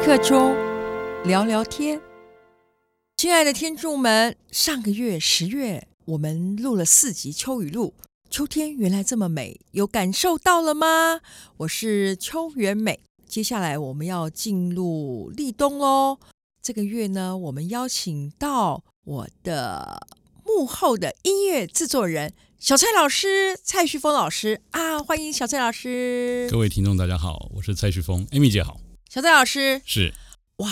一刻鐘聊聊天，親愛的聽眾們，上個月十月我們錄了四集《秋雨錄》，秋天原來這麼美，有感受到了嗎？我是秋元美，接下來我們要進入立冬嘍。這個月呢，我們邀請到我的幕後的音樂製作人小蔡老師，蔡旭峰老師啊，歡迎小蔡老師。各位聽眾大家好，我是蔡旭峰，Amy 姐好。小戴老師，是，哇，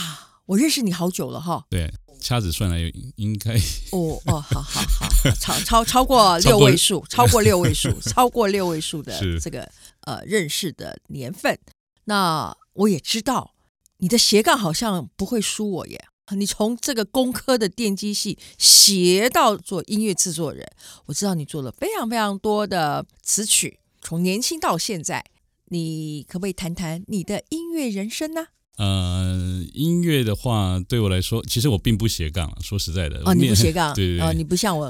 我認識你好久了哈、哦。對，掐指算來應該哦哦，好好好，超超超過六位數，超多，超過六位數，超過六位數的是這個呃認識的年份。那我也知道你的斜槓好像不會輸我耶。你從這個工科的電機系斜到做音樂制作人，我知道你做了非常非常多的詞曲，從年輕到現在。你可不可以談談你的音樂人生呢？呃，音樂的話，對我來說，其實我並不斜槓。說實在的，哦，你不斜槓，對，對，哦，你不像我、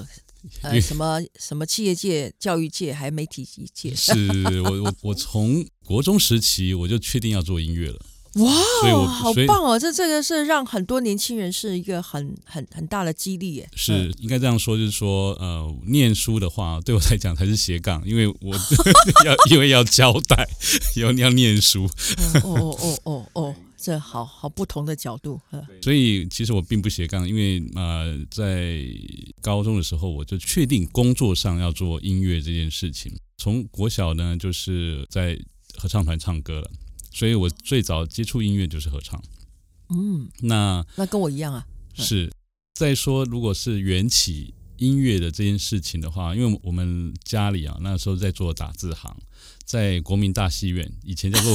呃、為什麼什麼企業界、教育界，還有媒體界。是 我我我從國中時期我就確定要做音樂了。哇，哦 Wow,，好棒哦！以這這個是讓很多年輕人是一個很很很大的激勵耶。是、嗯、應該這樣說，就是說呃，念書的話對我來講才是斜槓，因為我 要因為要交代要要念書。哦哦哦哦哦，這好好不同的角度。呵，所以其實我並不斜槓，因為呃，在高中的時候我就確定工作上要做音樂這件事情。從國小呢，就是在合唱團唱歌了。所以我最早接觸音樂就是合唱，嗯，那那跟我一樣啊，是。再說，如果是緣起音樂的這件事情的話，因為我們家裡啊，那時候在做打字行，在國民大戲院，以前叫做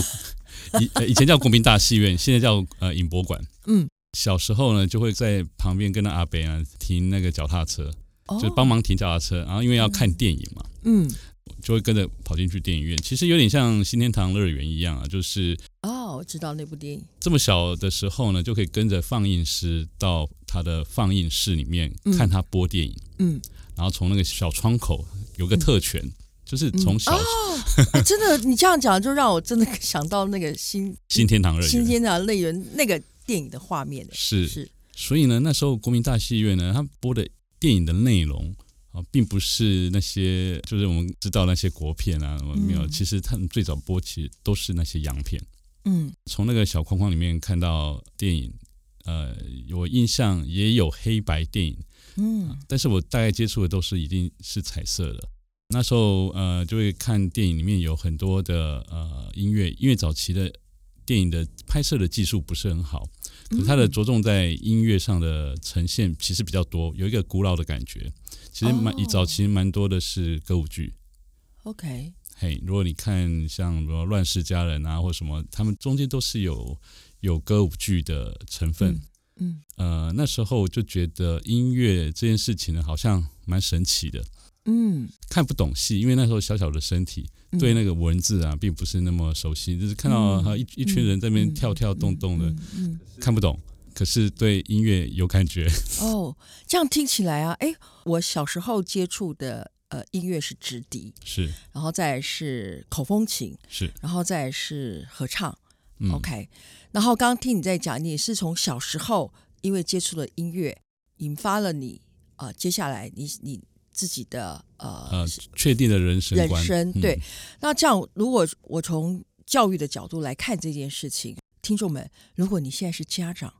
以， 以前叫國民大戲院，現在叫呃影博館。嗯，小時候呢，就會在旁邊跟那阿伯啊，停那個腳踏車，哦、就幫忙停腳踏車，然後因為要看電影嘛，嗯。嗯就會跟着跑進去電影院，其實有點像新天堂樂園一樣啊，就是哦，我知道那部電影。這麼小的時候呢，就可以跟着放映師到他的放映室裡面、嗯、看他播電影，嗯，然後從那個小窗口有個特權，嗯、就是從小、嗯哦， 真的，你這樣講就讓我真的想到那個新新天堂樂園、新天堂樂園那個電影的畫面了是、是，是。所以呢，那時候國民大戲院呢，他播的電影的內容。啊，並不是那些，就是我們知道那些國片啊，嗯、沒有。其實他們最早播，其實都是那些洋片。嗯，從那個小框框裡面看到電影，呃，我印象也有黑白電影。嗯，但是我大概接觸的都是一定是彩色的。那時候，呃，就會看電影裡面有很多的呃音樂，因為早期的。電影的拍攝的技術不是很好，可它的着重在音樂上的呈現其實比較多，有一個古老的感覺。其實蠻、哦、以早期蠻多的是歌舞劇。OK，嘿，hey, 如果你看像《亂世佳人》啊或什麼，他們中間都是有有歌舞劇的成分。嗯，嗯呃，那時候就覺得音樂這件事情呢，好像蠻神奇的。嗯，看不懂戲，因為那時候小小的身體對那個文字啊，嗯、並不是那麼熟悉，就是看到一、嗯、一群人在那邊跳跳動動的，嗯，嗯嗯嗯看不懂，可是，可是對音樂有感覺。哦，這樣聽起來啊，哎、欸，我小時候接觸的呃音樂是直笛，是，然後再是口風琴，是，然後再是合唱。嗯、OK，然後剛聽你在講，你是從小時候因為接觸了音樂，引發了你啊、呃，接下來你你。自己的呃，確、啊、定的人生人生對。嗯、那這樣，如果我從教育的角度來看這件事情，聽眾們，如果你現在是家長，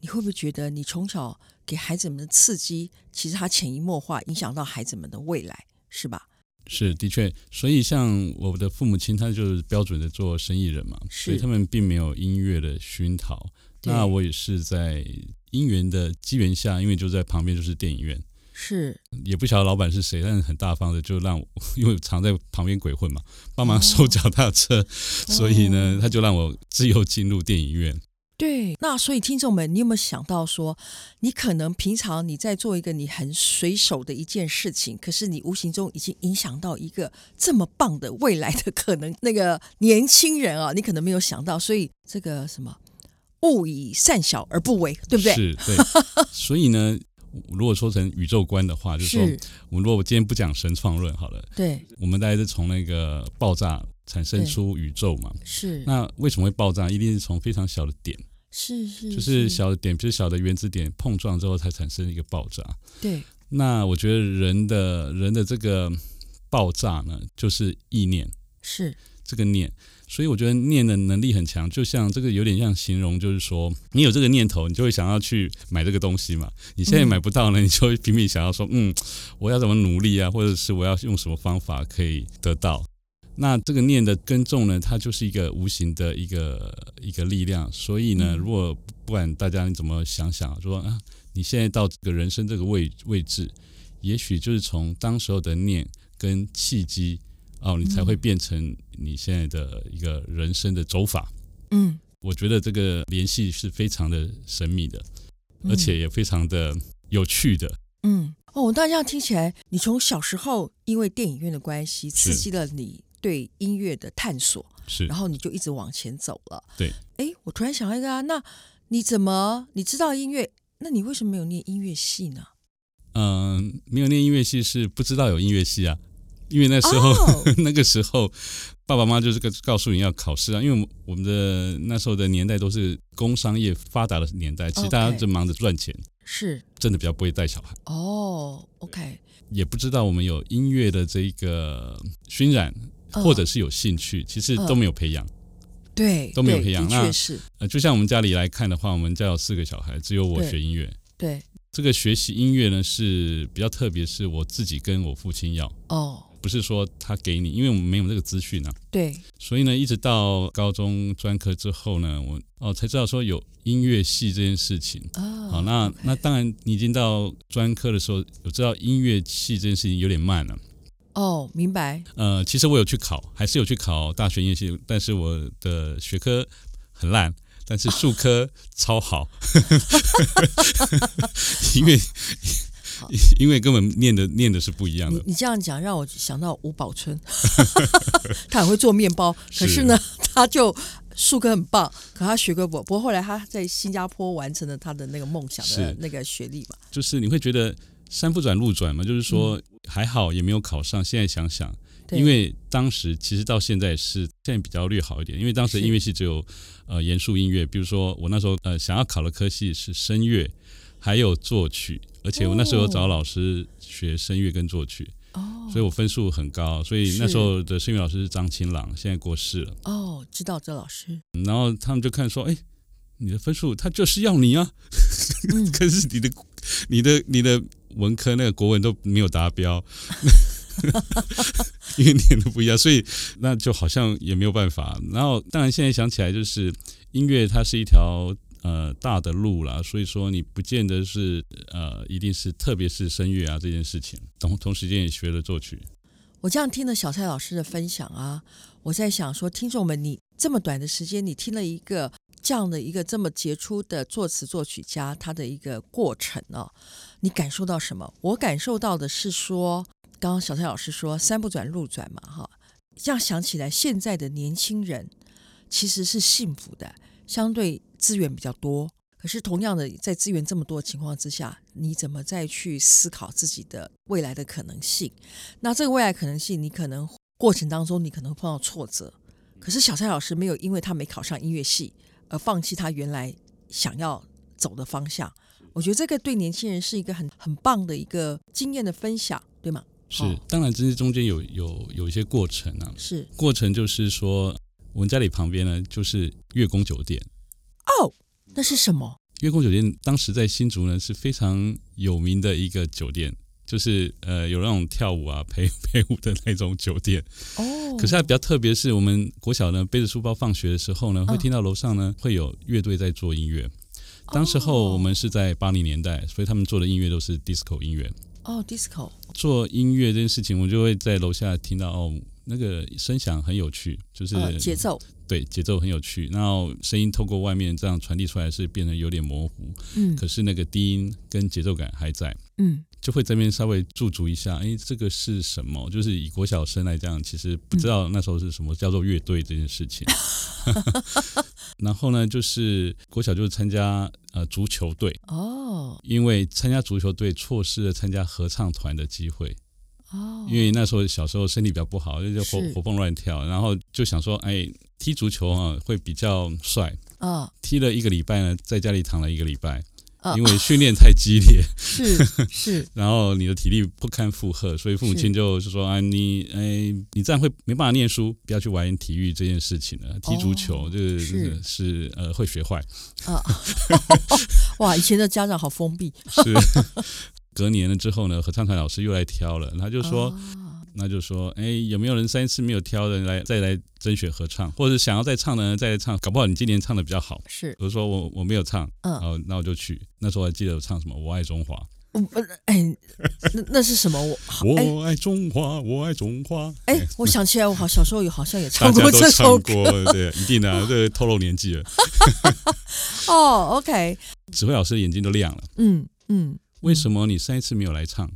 你會不會覺得你從小給孩子們的刺激，其實它潛移默化影響到孩子們的未來，是吧？是，的確，所以像我的父母親，他就是標準的做生意人嘛，是所以他們並沒有音樂的熏陶。對那我也是在因緣的機緣下，因為就在旁邊就是電影院。是，也不曉得老闆是誰，但是很大方的，就讓我因為常在旁邊鬼混嘛，幫忙收腳踏車，哦哦、所以呢，他就讓我自由進入電影院。對，那所以聽眾們，你有沒有想到說，你可能平常你在做一個你很隨手的一件事情，可是你無形中已經影響到一個這麼棒的未來的可能那個年輕人啊，你可能沒有想到，所以這個什麼，勿以善小而不為，對不對？是，對，所以呢。 如果說成宇宙觀的話，就是說，是我如果我今天不講神創論好了，對，我們大家是從那個爆炸產生出宇宙嘛，是。那為什麼會爆炸？一定是從非常小的點，是，是是，就是小的點，就是小的原子點碰撞之後才產生一個爆炸。對。那我覺得人的人的這個爆炸呢，就是意念，是這個念。所以我覺得念的能力很強，就像這個有點像形容，就是說你有這個念頭，你就會想要去買這個東西嘛。你現在買不到呢，嗯、你就會拼命想要說，嗯，我要怎麼努力啊，或者是我要用什麼方法可以得到？那這個念的耕種呢，它就是一個無形的一個一個力量。所以呢，嗯、如果不管大家你怎麼想想，說啊，你現在到這個人生這個位位置，也許就是從當時候的念跟契機。哦，你才會變成你現在的一個人生的走法。嗯，我覺得這個聯繫是非常的神秘的，嗯、而且也非常的有趣的。嗯，哦，那這樣聽起來，你從小時候因為電影院的關係，刺激了你對音樂的探索，是，是然後你就一直往前走了。對，哎，我突然想到一個啊，那你怎麼你知道音樂？那你為什麼沒有念音樂系呢？嗯、呃，沒有念音樂系是不知道有音樂系啊。因為那時候，那個時候，爸爸媽媽就是告告訴你要考試啊。因為我們我們的那時候的年代都是工商業發達的年代，其實大家就忙着賺錢，是，真的比較不會帶小孩。哦，OK，也不知道我們有音樂的這個熏染，或者是有興趣，其實都沒有培養，對，都沒有培養。那呃，就像我們家裡來看的話，我們家有四個小孩，只有我學音樂，對。這個學習音樂呢，是比較特別，是我自己跟我父親要哦，oh. 不是說他給你，因為我們沒有這個資訊啊。對，所以呢，一直到高中專科之後呢，我哦才知道說有音樂系這件事情。哦，oh, 好，那 okay, 那當然，你已經到專科的時候，有知道音樂系這件事情有點慢了。哦，oh, 明白。呃，其實我有去考，還是有去考大學音樂系，但是我的學科很爛。但是術科、啊、超好，因為好 因為根本念的念的是不一樣的。你這樣講讓我想到吳寶春，啊、呵呵 他很會做麵包，是啊、可是呢，他就術科很棒，可他學科不。不過後來他在新加坡完成了他的那個夢想的那個學歷嘛。就是你會覺得山不轉路轉嘛，就是說還好也沒有考上，現在想想。對因為當時其實到現在是現在比較略好一點，因為當時音樂系只有是呃嚴肅音樂，比如說我那時候呃想要考的科系是聲樂，還有作曲，而且我那時候找老師學聲樂跟作曲，哦、所以我分數很高，所以那時候的聲樂老師是張清朗，是現在過世了。哦，知道這老師。然後他們就看說，哎，你的分數他就是要你啊，嗯、 可是你的你的你的文科那個國文都沒有達標。 因為唸的不一樣，所以那就好像也沒有辦法。然後，當然現在想起來，就是音樂它是一條呃大的路啦。所以說你不見得是呃一定是，特別是聲樂啊這件事情，同同時間也學了作曲。我這樣聽了小蔡老師的分享啊，我在想說，聽眾們，你這麼短的時間，你聽了一個這樣的一個這麼傑出的作詞作曲家他的一個過程哦、啊，你感受到什麼？我感受到的是說。剛剛小蔡老師說“山不轉路轉”嘛，哈，這樣想起來，現在的年輕人其實是幸福的，相對資源比較多。可是同樣的，在資源這麼多情況之下，你怎麼再去思考自己的未來的可能性？那這個未來可能性，你可能過程當中你可能會碰到挫折。可是小蔡老師沒有因為他沒考上音樂系而放棄他原來想要走的方向。我覺得這個對年輕人是一個很很棒的一個經驗的分享，對嗎？是，當然，這是中間有有有一些過程啊。是，過程就是說，我們家裡旁邊呢，就是月宮酒店。哦，那是什麼？月宮酒店當時在新竹呢是非常有名的一個酒店，就是呃有那種跳舞啊、陪陪舞的那種酒店。哦。可是它比較特別是，我們國小呢背着書包放學的時候呢，會聽到樓上呢、嗯、會有樂隊在做音樂。當時候我們是在八零年代，哦、所以他們做的音樂都是 disco 音樂。哦、oh，disco、okay、做音樂這件事情，我就會在樓下聽到哦，那個聲響很有趣，就是節、哦、奏，對，節奏很有趣。然後聲音透過外面這樣傳遞出來，是變得有點模糊，嗯、可是那個低音跟節奏感還在，嗯就會在那邊稍微駐足一下，哎，這個是什麼？就是以國小生來講，其實不知道那時候是什麼叫做樂隊這件事情。嗯、 然後呢，就是國小就是參加呃足球隊哦，因為參加足球隊錯失了參加合唱團的機會哦。因為那時候小時候身體比較不好，就，就活是活蹦亂跳，然後就想說，哎，踢足球啊會比較帥啊。哦、踢了一個禮拜呢，在家裡躺了一個禮拜。因為訓練太激烈，是、啊、是，是然後你的體力不堪負荷，所以父母親就說是說啊，你哎，你這樣會沒辦法念書，不要去玩體育這件事情呢，踢足球就是是、哦、是呃會學壞啊，哇，以前的家長好封閉。是，隔年了之後呢，合唱團老師又來挑了，他就說。哦那就說，哎，有沒有人三次沒有挑的人來再來甄選合唱，或者想要再唱的再來唱？搞不好你今年唱的比較好，是。比如說我我沒有唱，嗯，好，那我就去。那時候還記得我唱什麼？我愛中華。嗯、哎，那那是什麼？我 我愛中華，我愛中華。哎，哎我想起來，我好小時候也好像也唱過這首歌。對，一定啊，這透露年紀了。 哦，OK。指揮老師眼睛都亮了。嗯嗯，嗯為什麼你三次沒有來唱？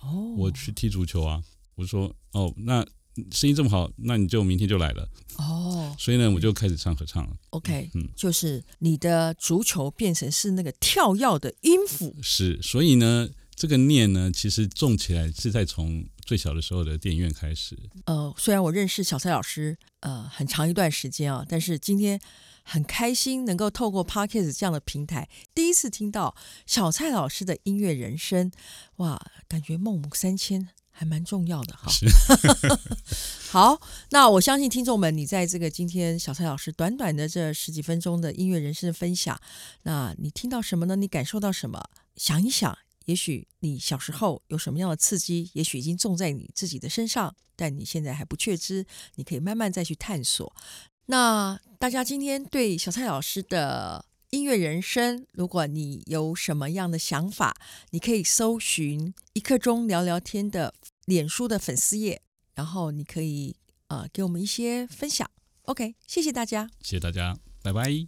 哦、嗯，我去踢足球啊。我說哦，那聲音這麼好，那你就明天就來了哦。Oh, okay. 所以呢，我就開始唱合唱了。OK，嗯，就是你的足球變成是那個跳躍的音符。是，所以呢，這個念呢，其實種起來是在從最小的時候的電影院開始。呃，雖然我認識小蔡老師呃很長一段時間啊、哦，但是今天很開心能夠透過 Podcast 這樣的平台，第一次聽到小蔡老師的音樂人生，哇，感覺孟母三遷。還蠻重要的哈，好， 好，那我相信聽眾們，你在這個今天小蔡老師短短的這十幾分鐘的音樂人生的分享，那你聽到什麼呢？你感受到什麼？想一想，也許你小時候有什麼樣的刺激，也許已經種在你自己的身上，但你現在還不確知，你可以慢慢再去探索。那大家今天對小蔡老師的音樂人生，如果你有什麼樣的想法，你可以搜尋一刻鐘聊聊天的臉書的粉絲頁，然後你可以啊、呃、給我們一些分享。OK，謝謝大家，謝謝大家，拜拜。